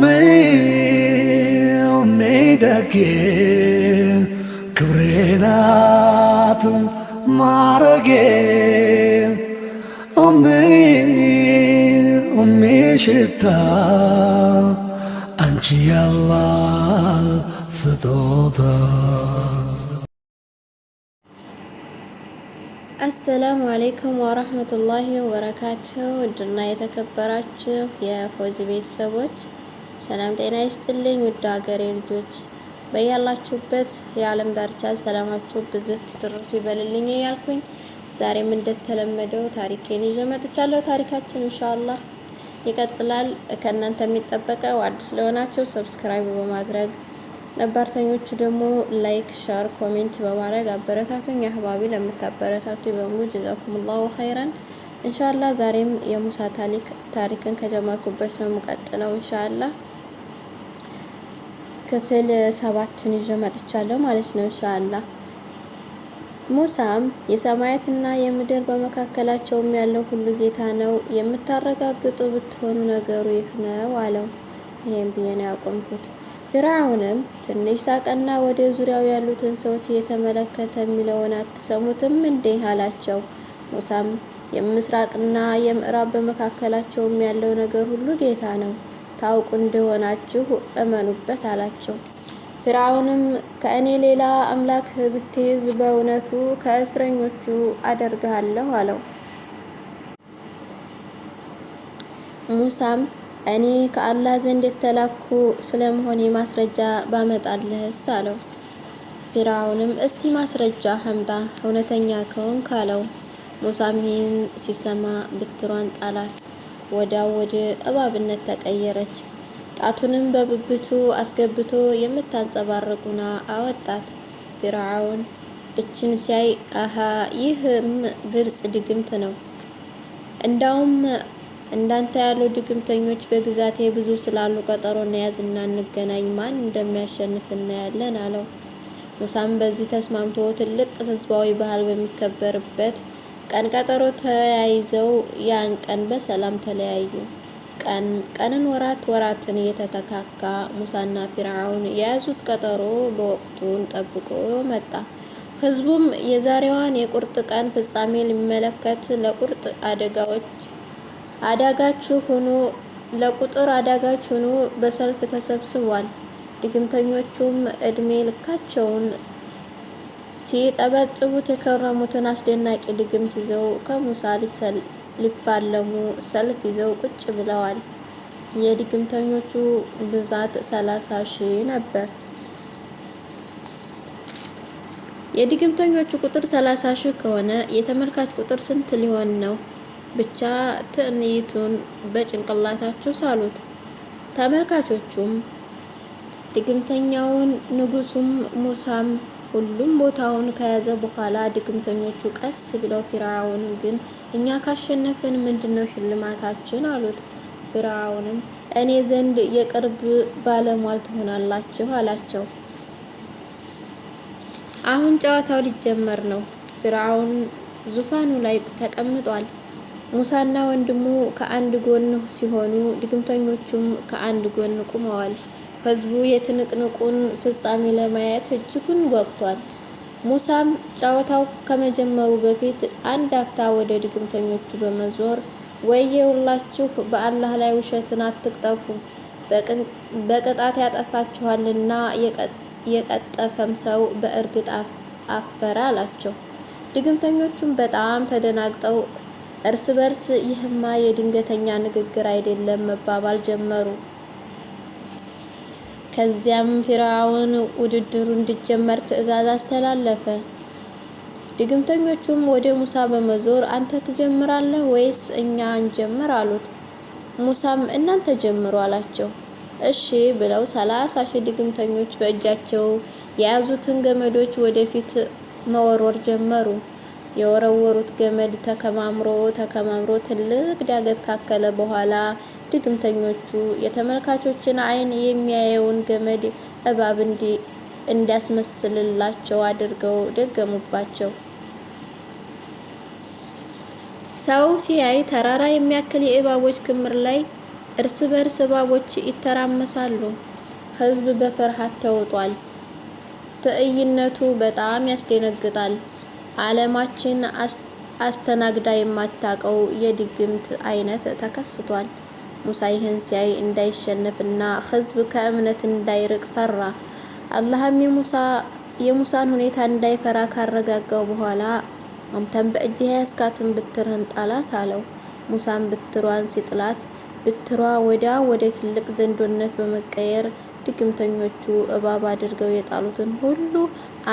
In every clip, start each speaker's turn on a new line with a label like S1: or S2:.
S1: ሜሜደጌ ክብሬናት ማረጌ ሽታ አንቺ ያላህ ስጦታ።
S2: አሰላሙ አሌይኩም ወረህመቱላሂ ወበረካቱሁ። እድና የተከበራችሁ የፎዚ ቤተሰቦች ሰላም ጤና ይስጥልኝ ውድ ሀገሬ ልጆች በያላችሁበት የዓለም ዳርቻ ሰላማችሁ ብዝት ትርፍ ይበልልኝ እያልኩኝ ዛሬም እንደተለመደው ታሪኬን ይዤ መጥቻለሁ። ታሪካችን ኢንሻአላህ ይቀጥላል። ከእናንተ የሚጠበቀው አዲስ ለሆናቸው ሰብስክራይብ በማድረግ ነባርተኞቹ ደግሞ ላይክ፣ ሻር፣ ኮሜንት በማድረግ አበረታቱኝ። አህባቢ ለምታበረታቱ በሙሉ ጀዛኩሙላሁ ኸይረን። ኢንሻአላህ ዛሬም የሙሳ ታሪክ ታሪክን ከጀመርኩበት ነው የምቀጥለው ኢንሻአላህ ክፍል ሰባትን ይዤ መጥቻለሁ ማለት ነው ኢንሻአላህ ሙሳም የሰማያትና የምድር በመካከላቸውም ያለው ሁሉ ጌታ ነው፣ የምታረጋግጡ ብትሆኑ ነገሩ ይህ ነው አለው። ይሄም ብዬ ነው ያቆምኩት። ትንሽ ሳቀና ወደ ዙሪያው ያሉትን ሰዎች እየተመለከተ የሚለውን አትሰሙትም እንዴ አላቸው። ሙሳም የምስራቅና የምዕራብ በመካከላቸውም ያለው ነገር ሁሉ ጌታ ነው ታውቁ እንደሆናችሁ እመኑበት አላቸው። ፊርዓውንም ከእኔ ሌላ አምላክ ብትይዝ በእውነቱ ከእስረኞቹ አደርግሃለሁ አለው። ሙሳም እኔ ከአላህ ዘንድ የተላኩ ስለመሆኔ ማስረጃ ባመጣልህስ አለው። ፊርዓውንም እስቲ ማስረጃ ሀምጣ እውነተኛ ከሆንክ አለው። ሙሳም ይህን ሲሰማ ብትሯን ጣላት። ወዳ ወደ እባብነት ተቀየረች። ጣቱንም በብብቱ አስገብቶ የምታንጸባርቁና አወጣት። ፊርዓውን እችን ሲያይ አሃ ይህም ግልጽ ድግምት ነው፣ እንዳውም እንዳንተ ያሉ ድግምተኞች በግዛቴ ብዙ ስላሉ ቀጠሮ እንያዝና እንገናኝ፣ ማን እንደሚያሸንፍ እናያለን አለው። ሙሳም በዚህ ተስማምቶ ትልቅ ህዝባዊ ባህል በሚከበርበት ቀን ቀጠሮ ተያይዘው ያን ቀን በሰላም ተለያዩ። ቀንን ወራት ወራትን የተተካካ ሙሳና ፊርዓውን የያዙት ቀጠሮ በወቅቱን ጠብቆ መጣ። ህዝቡም የዛሬዋን የቁርጥ ቀን ፍጻሜ ሊመለከት ለቁርጥ አደጋዎች አዳጋች ሆኖ ለቁጥር አዳጋች ሆኖ በሰልፍ ተሰብስቧል። ድግምተኞቹም እድሜ ልካቸውን ሲጠበጥቡት የከረሙትን አስደናቂ ድግምት ይዘው ከሙሳ ሊፋለሙ ሰልፍ ይዘው ቁጭ ብለዋል። የድግምተኞቹ ብዛት ሰላሳ ሺህ ነበር። የድግምተኞቹ ቁጥር ሰላሳ ሺህ ከሆነ የተመልካች ቁጥር ስንት ሊሆን ነው? ብቻ ትዕይንቱን በጭንቅላታችሁ ሳሉት። ተመልካቾቹም ድግምተኛውን ንጉሱም ሙሳም ሁሉም ቦታውን ከያዘ በኋላ ድግምተኞቹ ቀስ ብለው ፊርዓውን ግን እኛ ካሸነፍን ምንድነው ሽልማታችን አሉት። ፊርዓውንም እኔ ዘንድ የቅርብ ባለሟል ትሆናላችሁ አላቸው። አሁን ጨዋታው ሊጀመር ነው። ፊርዓውን ዙፋኑ ላይ ተቀምጧል። ሙሳና ወንድሙ ከአንድ ጎን ሲሆኑ፣ ድግምተኞቹም ከአንድ ጎን ቆመዋል። ህዝቡ የትንቅንቁን ፍጻሜ ለማየት እጅጉን ጓጉቷል። ሙሳም ጨዋታው ከመጀመሩ በፊት አንድ አፍታ ወደ ድግምተኞቹ በመዞር ወየውላችሁ፣ በአላህ ላይ ውሸትን አትቅጠፉ፣ በቅጣት ያጠፋችኋልና የቀጠፈም ሰው በእርግጥ አፈረ አላቸው። ድግምተኞቹም በጣም ተደናግጠው እርስ በርስ ይህማ የድንገተኛ ንግግር አይደለም መባባል ጀመሩ። ከዚያም ፊራውን ውድድሩ እንዲጀመር ትዕዛዝ አስተላለፈ። ድግምተኞቹም ወደ ሙሳ በመዞር አንተ ትጀምራለህ ወይስ እኛ እንጀምር አሉት። ሙሳም እናንተ ጀምሩ አላቸው። እሺ ብለው ሰላሳ ሺህ ድግምተኞች በእጃቸው የያዙትን ገመዶች ወደፊት መወርወር ጀመሩ። የወረወሩት ገመድ ተከማምሮ ተከማምሮ ትልቅ ዳገት ካከለ በኋላ ድግምተኞቹ የተመልካቾችን ዓይን የሚያየውን ገመድ እባብ እንዲያስመስልላቸው አድርገው ደገሙባቸው። ሰው ሲያይ ተራራ የሚያክል የእባቦች ክምር ላይ እርስ በርስ እባቦች ይተራመሳሉ። ሕዝብ በፍርሃት ተውጧል። ትዕይነቱ በጣም ያስደነግጣል። ዓለማችን አስተናግዳ የማታቀው የድግምት አይነት ተከስቷል። ሙሳ ይህን ሲያይ እንዳይሸነፍና ህዝብ ከእምነት እንዳይርቅ ፈራ። አላህም የሙሳን ሁኔታ እንዳይፈራ ካረጋጋው በኋላ አንተም በእጅህ ያስካትን ብትርህን ጣላት አለው። ሙሳን ብትሯን ሲጥላት ብትሯ ወዳ ወደ ትልቅ ዘንዶነት በመቀየር ድግምተኞቹ እባብ አድርገው የጣሉትን ሁሉ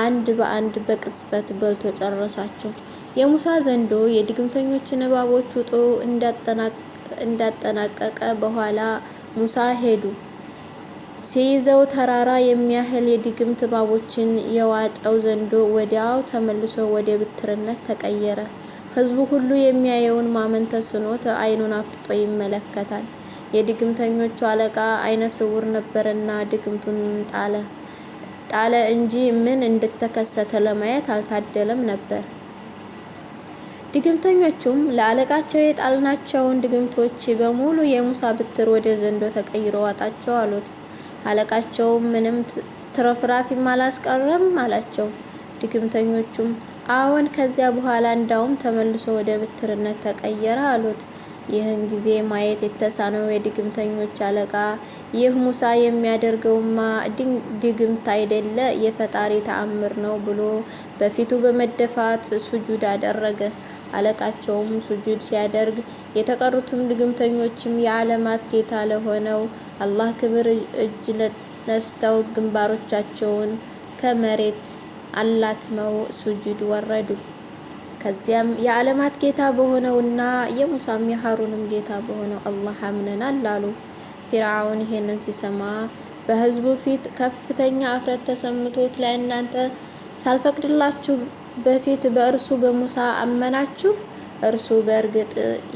S2: አንድ በአንድ በቅጽበት በልቶ ጨረሳቸው። የሙሳ ዘንዶ የድግምተኞችን እባቦች ውጦ እንዳጠናቀ እንዳጠናቀቀ በኋላ ሙሳ ሄዱ። ሲይዘው ተራራ የሚያህል የድግምት እባቦችን የዋጠው ዘንዶ ወዲያው ተመልሶ ወደ ብትርነት ተቀየረ። ሕዝቡ ሁሉ የሚያየውን ማመን ተስኖት አይኑን አፍጥጦ ይመለከታል። የድግምተኞቹ አለቃ አይነ ስውር ነበርና ድግምቱን ጣለ ጣለ እንጂ ምን እንደተከሰተ ለማየት አልታደለም ነበር። ድግምተኞቹም ለአለቃቸው የጣልናቸውን ድግምቶች በሙሉ የሙሳ ብትር ወደ ዘንዶ ተቀይሮ ዋጣቸው አሉት። አለቃቸው ምንም ትረፍራፊም አላስቀረም አላቸው። ድግምተኞቹም አዎን፣ ከዚያ በኋላ እንዳውም ተመልሶ ወደ ብትርነት ተቀየረ አሉት። ይህን ጊዜ ማየት የተሳነው የድግምተኞች አለቃ ይህ ሙሳ የሚያደርገውማ ድግምት አይደለ የፈጣሪ ተአምር ነው ብሎ በፊቱ በመደፋት ሱጁድ አደረገ። አለቃቸውም ሱጁድ ሲያደርግ የተቀሩትም ድግምተኞችም የዓለማት ጌታ ለሆነው አላህ ክብር እጅ ነስተው ግንባሮቻቸውን ከመሬት አላትመው ሱጁድ ወረዱ። ከዚያም የዓለማት ጌታ በሆነውና የሙሳም የሃሩንም ጌታ በሆነው አላህ አምነናል አሉ። ፊርዓውን ይሄንን ሲሰማ በህዝቡ ፊት ከፍተኛ እፍረት ተሰምቶት ለእናንተ ሳልፈቅድላችሁ በፊት በእርሱ በሙሳ አመናችሁ። እርሱ በእርግጥ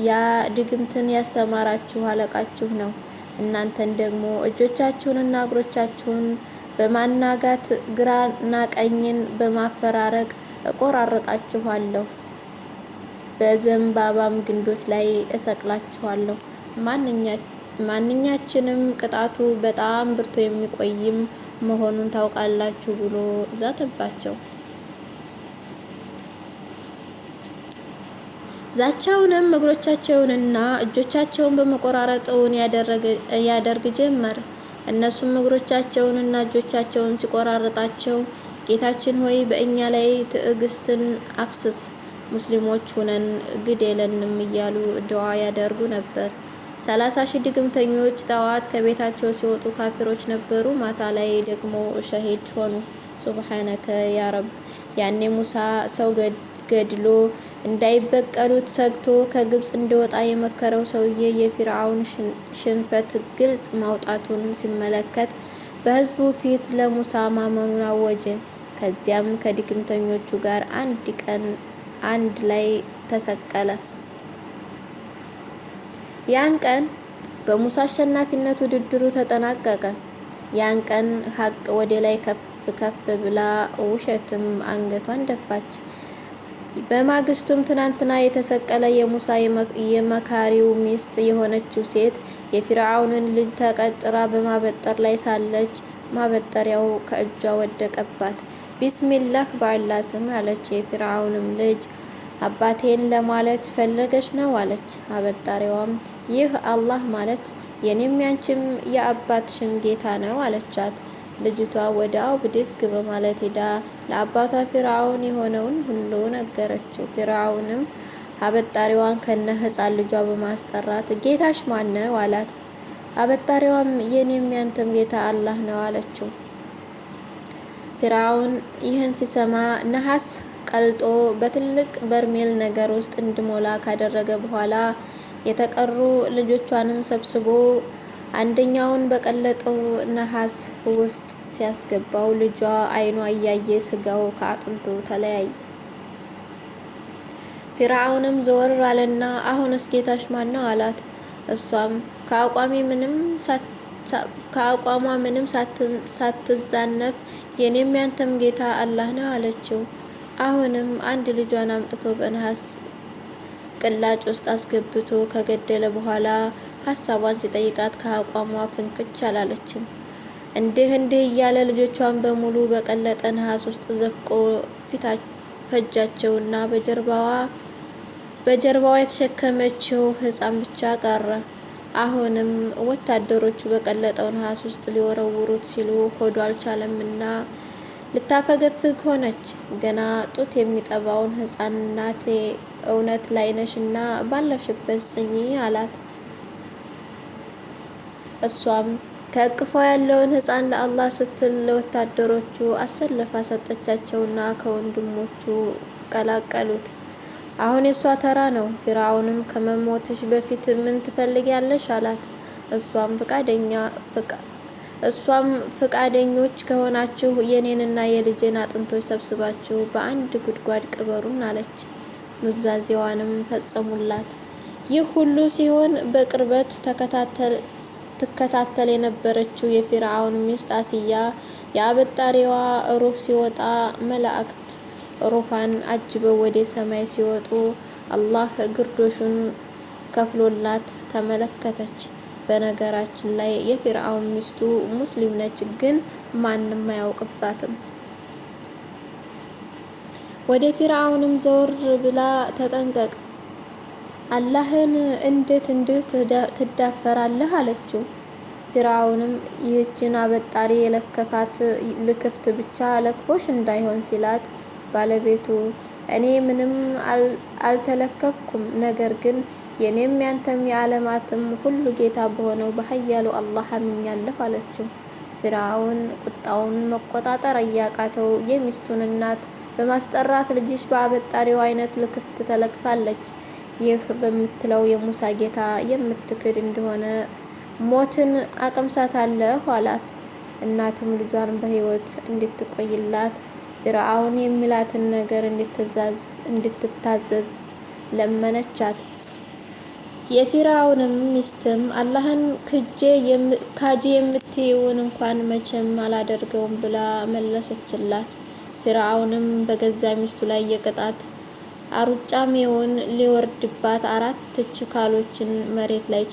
S2: ያ ድግምትን ያስተማራችሁ አለቃችሁ ነው። እናንተን ደግሞ እጆቻችሁንና እግሮቻችሁን በማናጋት ግራና ቀኝን በማፈራረቅ እቆራረጣችኋለሁ፣ በዘንባባም ግንዶች ላይ እሰቅላችኋለሁ። ማንኛችንም ቅጣቱ በጣም ብርቶ የሚቆይም መሆኑን ታውቃላችሁ ብሎ ዛተባቸው። ዛቻውንም እግሮቻቸውንና እጆቻቸውን በመቆራረጠውን ያደርግ ጀመር። እነሱም እግሮቻቸውንና እጆቻቸውን ሲቆራረጣቸው ጌታችን ሆይ በእኛ ላይ ትዕግስትን አፍስስ፣ ሙስሊሞች ሁነን ግደለንም እያሉ ድዋ ያደርጉ ነበር። ሰላሳ ሺህ ድግምተኞች ጠዋት ከቤታቸው ሲወጡ ካፊሮች ነበሩ፣ ማታ ላይ ደግሞ ሸሂድ ሆኑ። ሱብሃነከ ያ ረብ። ያኔ ሙሳ ሰው ገድሎ እንዳይበቀሉት ሰግቶ ከግብፅ እንዲወጣ የመከረው ሰውዬ የፊርዓውን ሽንፈት ግልጽ ማውጣቱን ሲመለከት በሕዝቡ ፊት ለሙሳ ማመኑን አወጀ። ከዚያም ከድግምተኞቹ ጋር አንድ ቀን አንድ ላይ ተሰቀለ። ያን ቀን በሙሳ አሸናፊነት ውድድሩ ተጠናቀቀ። ያን ቀን ሀቅ ወደ ላይ ከፍ ከፍ ብላ ውሸትም አንገቷን ደፋች። በማግስቱም ትናንትና የተሰቀለ የሙሳ የመካሪው ሚስት የሆነችው ሴት የፊርዓውንን ልጅ ተቀጥራ በማበጠር ላይ ሳለች ማበጠሪያው ከእጇ ወደቀባት። ቢስሚላህ ባላ ስም አለች። የፊርአውንም ልጅ አባቴን ለማለት ፈለገች ነው አለች። አበጣሪዋም ይህ አላህ ማለት የኔም ያንቺም የአባትሽም ጌታ ነው አለቻት። ልጅቷ ወደ ብድግ በማለት ሄዳ ለአባቷ ፊርዓውን የሆነውን ሁሉ ነገረችው። ፊርዓውንም አበጣሪዋን ከነ ህፃን ልጇ በማስጠራት ጌታሽ ማን ነው አላት። አበጣሪዋም የኔም ያንተም ጌታ አላህ ነው አለችው። ፊርዓውን ይህን ሲሰማ ነሐስ ቀልጦ በትልቅ በርሜል ነገር ውስጥ እንድሞላ ካደረገ በኋላ የተቀሩ ልጆቿንም ሰብስቦ አንደኛውን በቀለጠው ነሐስ ውስጥ ሲያስገባው ልጇ አይኗ እያየ ስጋው ከአጥንቱ ተለያየ። ፊርዓውንም ዘወር አለና አሁን ጌታሽ ማን ነው አላት። እሷም ከአቋሟ ምንም ሳትዛነፍ የኔም ያንተም ጌታ አላህ ነው አለችው። አሁንም አንድ ልጇን አምጥቶ በነሐስ ቅላጭ ውስጥ አስገብቶ ከገደለ በኋላ ሀሳቧን ሲጠይቃት ከአቋሟ ፍንክች አላለችም። እንዲህ እንዲህ እያለ ልጆቿን በሙሉ በቀለጠ ነሐስ ውስጥ ዘፍቆ ፊታ ፈጃቸውና በጀርባዋ በጀርባዋ የተሸከመችው ህፃን ብቻ ቀረ። አሁንም ወታደሮቹ በቀለጠው ነሐስ ውስጥ ሊወረውሩት ሲሉ ሆዶ አልቻለምና ልታፈገፍግ ሆነች። ገና ጡት የሚጠባውን ህፃን እናቴ እውነት ላይነሽና ባለሽበት ጽኚ አላት። እሷም ከእቅፏ ያለውን ህፃን ለአላህ ስትል ለወታደሮቹ አሰለፋ ሰጠቻቸውና ከወንድሞቹ ቀላቀሉት። አሁን የእሷ ተራ ነው። ፊራውንም ከመሞትሽ በፊት ምን ትፈልጊያለሽ አላት። እሷም ፍቃደኛ እሷም ፍቃደኞች ከሆናችሁ የኔንና የልጄን አጥንቶች ሰብስባችሁ በአንድ ጉድጓድ ቅበሩን አለች። ኑዛዜዋንም ፈጸሙላት። ይህ ሁሉ ሲሆን በቅርበት ተከታተል ትከታተል የነበረችው የፊርዓውን ሚስት አስያ የአበጣሪዋ ሩህ ሲወጣ መላእክት ሩሃን አጅበው ወደ ሰማይ ሲወጡ አላህ ግርዶሹን ከፍሎላት ተመለከተች። በነገራችን ላይ የፊርዓውን ሚስቱ ሙስሊም ነች፣ ግን ማንም አያውቅባትም። ወደ ፊርዓውንም ዘወር ብላ ተጠንቀቅ አላህን እንዴት እንዴት ትዳፈራለህ አለችው። ፊርዓውንም ይህችን አበጣሪ የለከፋት ልክፍት ብቻ ለክፎሽ እንዳይሆን ሲላት ባለቤቱ እኔ ምንም አልተለከፍኩም፣ ነገር ግን የኔም ያንተም የዓለማትም ሁሉ ጌታ በሆነው በኃያሉ አላህ አምኛለሁ አለችው። ፊርዓውን ቁጣውን መቆጣጠር እያቃተው የሚስቱን እናት በማስጠራት ልጅሽ በአበጣሪው አይነት ልክፍት ተለክፋለች ይህ በምትለው የሙሳ ጌታ የምትክድ እንደሆነ ሞትን አቀምሳታለሁ አላት። እናትም ልጇን በህይወት እንድትቆይላት ፍርአውን የሚላትን ነገር እንድትታዘዝ ለመነቻት። የፊርአውንም ሚስትም አላህን ክጄ ካጂ የምትይውን እንኳን መቼም አላደርገውም ብላ መለሰችላት። ፊርአውንም በገዛ ሚስቱ ላይ የቅጣት አሩጫ ሜውን ሊወርድባት አራት ችካሎችን መሬት ላይ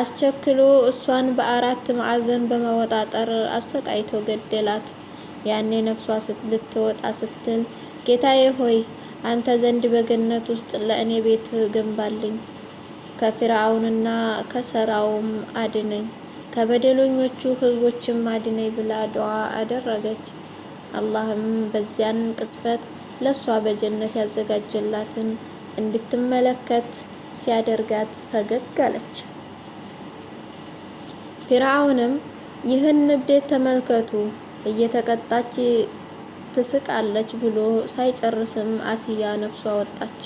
S2: አስቸክሎ እሷን በአራት ማዕዘን በመወጣጠር አሰቃይቶ ገደላት። ያኔ ነፍሷ ልትወጣ ስትል ጌታዬ ሆይ አንተ ዘንድ በገነት ውስጥ ለእኔ ቤት ገንባልኝ፣ ከፊርዓውንና ከሰራውም አድነኝ፣ ከበደለኞቹ ሕዝቦችም አድነኝ ብላ ዱዓ አደረገች። አላህም በዚያን ቅጽበት ለሷ በጀነት ያዘጋጀላትን እንድትመለከት ሲያደርጋት ፈገግ አለች። ፊርዓውንም ይህን እብዴት ተመልከቱ እየተቀጣች ትስቃለች ብሎ ሳይጨርስም አሲያ ነፍሷ ወጣች።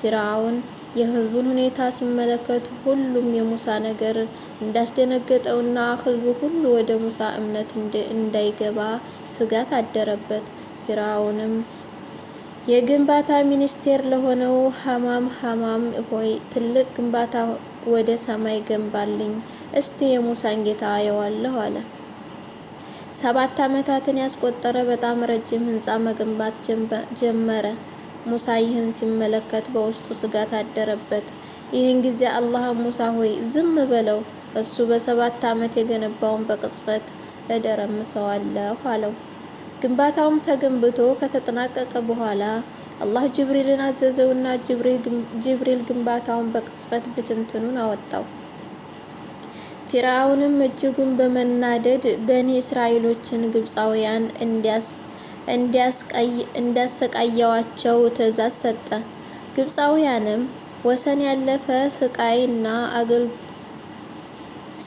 S2: ፊርዓውን የህዝቡን ሁኔታ ሲመለከት ሁሉም የሙሳ ነገር እንዳስደነገጠውና ህዝቡ ሁሉ ወደ ሙሳ እምነት እንዳይገባ ስጋት አደረበት። ፊርዓውንም የግንባታ ሚኒስቴር ለሆነው ሀማም ሀማም ሆይ ትልቅ ግንባታ ወደ ሰማይ ገንባልኝ፣ እስቲ የሙሳን ጌታ አየዋለሁ አለ። ሰባት ዓመታትን ያስቆጠረ በጣም ረጅም ሕንፃ መገንባት ጀመረ። ሙሳ ይህን ሲመለከት በውስጡ ስጋት አደረበት። ይህን ጊዜ አላህ ሙሳ ሆይ ዝም በለው፣ እሱ በሰባት ዓመት የገነባውን በቅጽበት እደረምሰዋለሁ አለው። ግንባታውም ተገንብቶ ከተጠናቀቀ በኋላ አላህ ጅብሪልን አዘዘውና ጅብሪል ግንባታውን በቅጽበት ብትንትኑን አወጣው። ፊርዓውንም እጅጉን በመናደድ በኒ እስራኤሎችን ግብፃውያን እንዲያሰቃያዋቸው ትእዛዝ ሰጠ። ግብፃውያንም ወሰን ያለፈ ስቃይና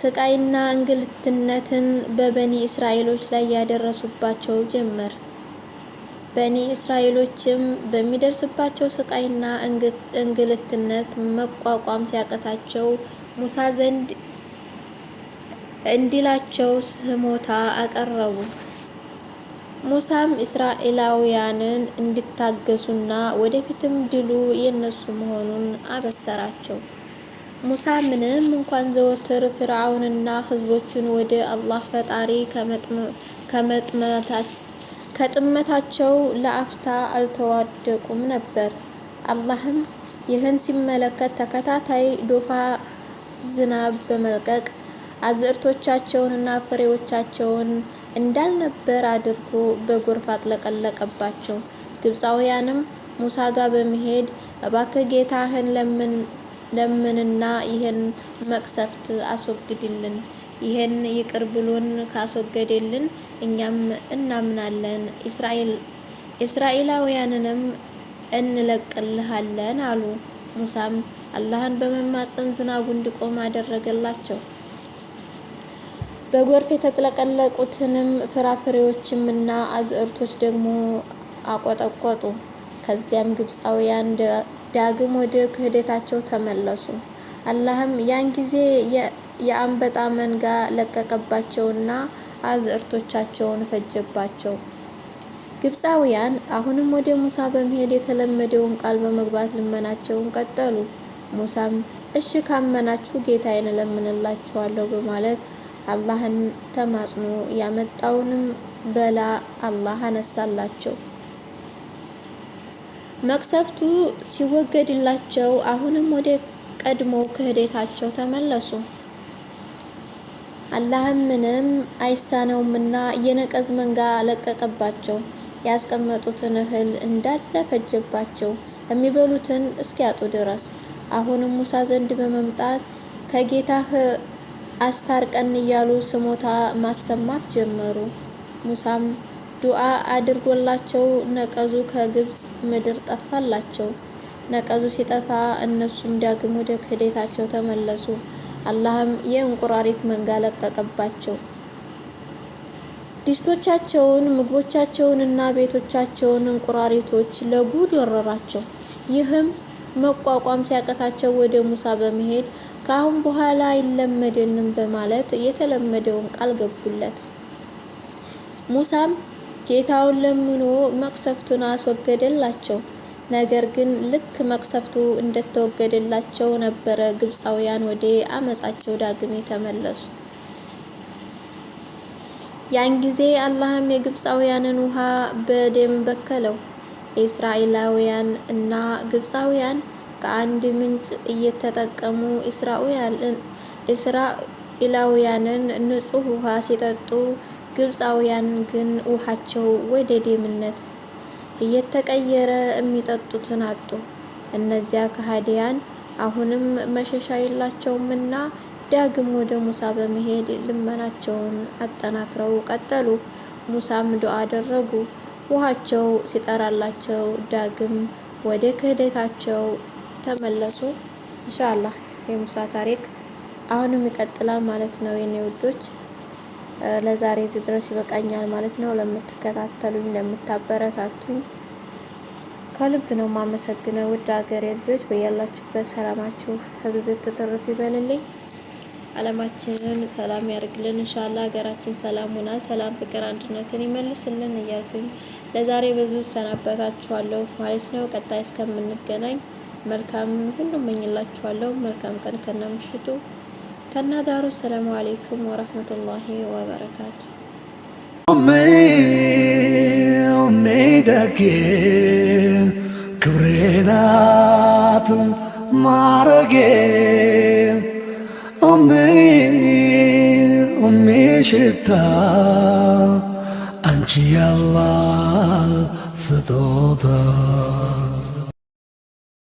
S2: ስቃይና እንግልትነትን በበኒ እስራኤሎች ላይ ያደረሱባቸው ጀመር። በኒ እስራኤሎችም በሚደርስባቸው ስቃይና እንግልትነት መቋቋም ሲያቀታቸው ሙሳ ዘንድ እንዲላቸው ስሞታ አቀረቡ። ሙሳም እስራኤላውያንን እንዲታገሱና ወደፊትም ድሉ የነሱ መሆኑን አበሰራቸው። ሙሳ ምንም እንኳን ዘወትር ፊርዓውንና ሕዝቦቹን ወደ አላህ ፈጣሪ ከጥመታቸው ለአፍታ አልተዋደቁም ነበር። አላህም ይህን ሲመለከት ተከታታይ ዶፋ ዝናብ በመልቀቅ አዝዕርቶቻቸውንና ፍሬዎቻቸውን እንዳልነበር አድርጎ በጎርፍ አጥለቀለቀባቸው። ግብፃውያንም ሙሳ ጋር በመሄድ እባክህ ጌታህን ለምን ለምንና ይህን መቅሰፍት አስወግድልን። ይህን ይቅር ብሎን ካስወገደልን እኛም እናምናለን፣ እስራኤላውያንንም እንለቅልሃለን አሉ። ሙሳም አላህን በመማፀን ዝናቡ እንዲቆም አደረገላቸው። በጎርፍ የተጥለቀለቁትንም ፍራፍሬዎችም እና አዝዕርቶች ደግሞ አቆጠቆጡ። ከዚያም ግብፃውያን ዳግም ወደ ክህደታቸው ተመለሱ። አላህም ያን ጊዜ የአንበጣ መንጋ ለቀቀባቸውና አዝእርቶቻቸውን ፈጀባቸው። ግብፃውያን አሁንም ወደ ሙሳ በመሄድ የተለመደውን ቃል በመግባት ልመናቸውን ቀጠሉ። ሙሳም እሺ ካመናችሁ ጌታዬን እለምንላችኋለሁ በማለት አላህን ተማጽኖ ያመጣውንም በላ አላህ አነሳላቸው። መቅሰፍቱ ሲወገድላቸው አሁንም ወደ ቀድሞ ክህደታቸው ተመለሱ። አላህም ምንም አይሳነውምና የነቀዝ መንጋ ለቀቀባቸው። ያስቀመጡትን እህል እንዳለ ፈጀባቸው የሚበሉትን እስኪያጡ ድረስ። አሁንም ሙሳ ዘንድ በመምጣት ከጌታህ አስታርቀን እያሉ ስሞታ ማሰማት ጀመሩ። ሙሳም ዱዓ አድርጎላቸው ነቀዙ ከግብጽ ምድር ጠፋላቸው። ነቀዙ ሲጠፋ እነሱም ዳግም ወደ ክህደታቸው ተመለሱ። አላህም የእንቁራሪት መንጋ ለቀቀባቸው። ድስቶቻቸውን፣ ምግቦቻቸውን እና ቤቶቻቸውን እንቁራሪቶች ለጉድ ወረራቸው። ይህም መቋቋም ሲያቀታቸው ወደ ሙሳ በመሄድ ከአሁን በኋላ አይለመደንም በማለት የተለመደውን ቃል ገቡለት። ሙሳም ጌታውን ለምኖ መቅሰፍቱን አስወገደላቸው። ነገር ግን ልክ መቅሰፍቱ እንደተወገደላቸው ነበረ ግብፃውያን ወደ አመጻቸው ዳግም የተመለሱት። ያን ጊዜ አላህም የግብፃውያንን ውሃ በደም በከለው። እስራኤላውያን እና ግብፃውያን ከአንድ ምንጭ እየተጠቀሙ እስራኤላውያንን ንጹህ ውሃ ሲጠጡ ግብፃውያን ግን ውሃቸው ወደ ደምነት እየተቀየረ የሚጠጡትን አጡ። እነዚያ ከሃዲያን አሁንም መሸሻ የላቸውምና ዳግም ወደ ሙሳ በመሄድ ልመናቸውን አጠናክረው ቀጠሉ። ሙሳም ዱዓ አደረጉ። ውሃቸው ሲጠራላቸው ዳግም ወደ ክህደታቸው ተመለሱ። ኢንሻአላህ የሙሳ ታሪክ አሁንም ይቀጥላል ማለት ነው የኔ ውዶች። ለዛሬ እዚህ ድረስ ይበቃኛል ማለት ነው። ለምትከታተሉኝ፣ ለምታበረታቱኝ ከልብ ነው የማመሰግነው። ውድ ሀገሬ ልጆች በያላችሁበት ሰላማችሁ ህብዝ ትትርፍ ይበልልኝ። አለማችንን ሰላም ያርግልን እንሻላ። ሀገራችን ሰላም ሆና ሰላም፣ ፍቅር፣ አንድነትን ይመልስልን እያልኩኝ ለዛሬ ብዙ ሰናበታችኋለሁ ማለት ነው። ቀጣይ እስከምንገናኝ መልካም ሁሉ እመኝላችኋለሁ። መልካም ቀን ከነምሽቱ كنا دار السلام عليكم ورحمة الله وبركاته أمي أمي دكي كبرينات مارجي أمي أمي شتا أنتي الله ستوطن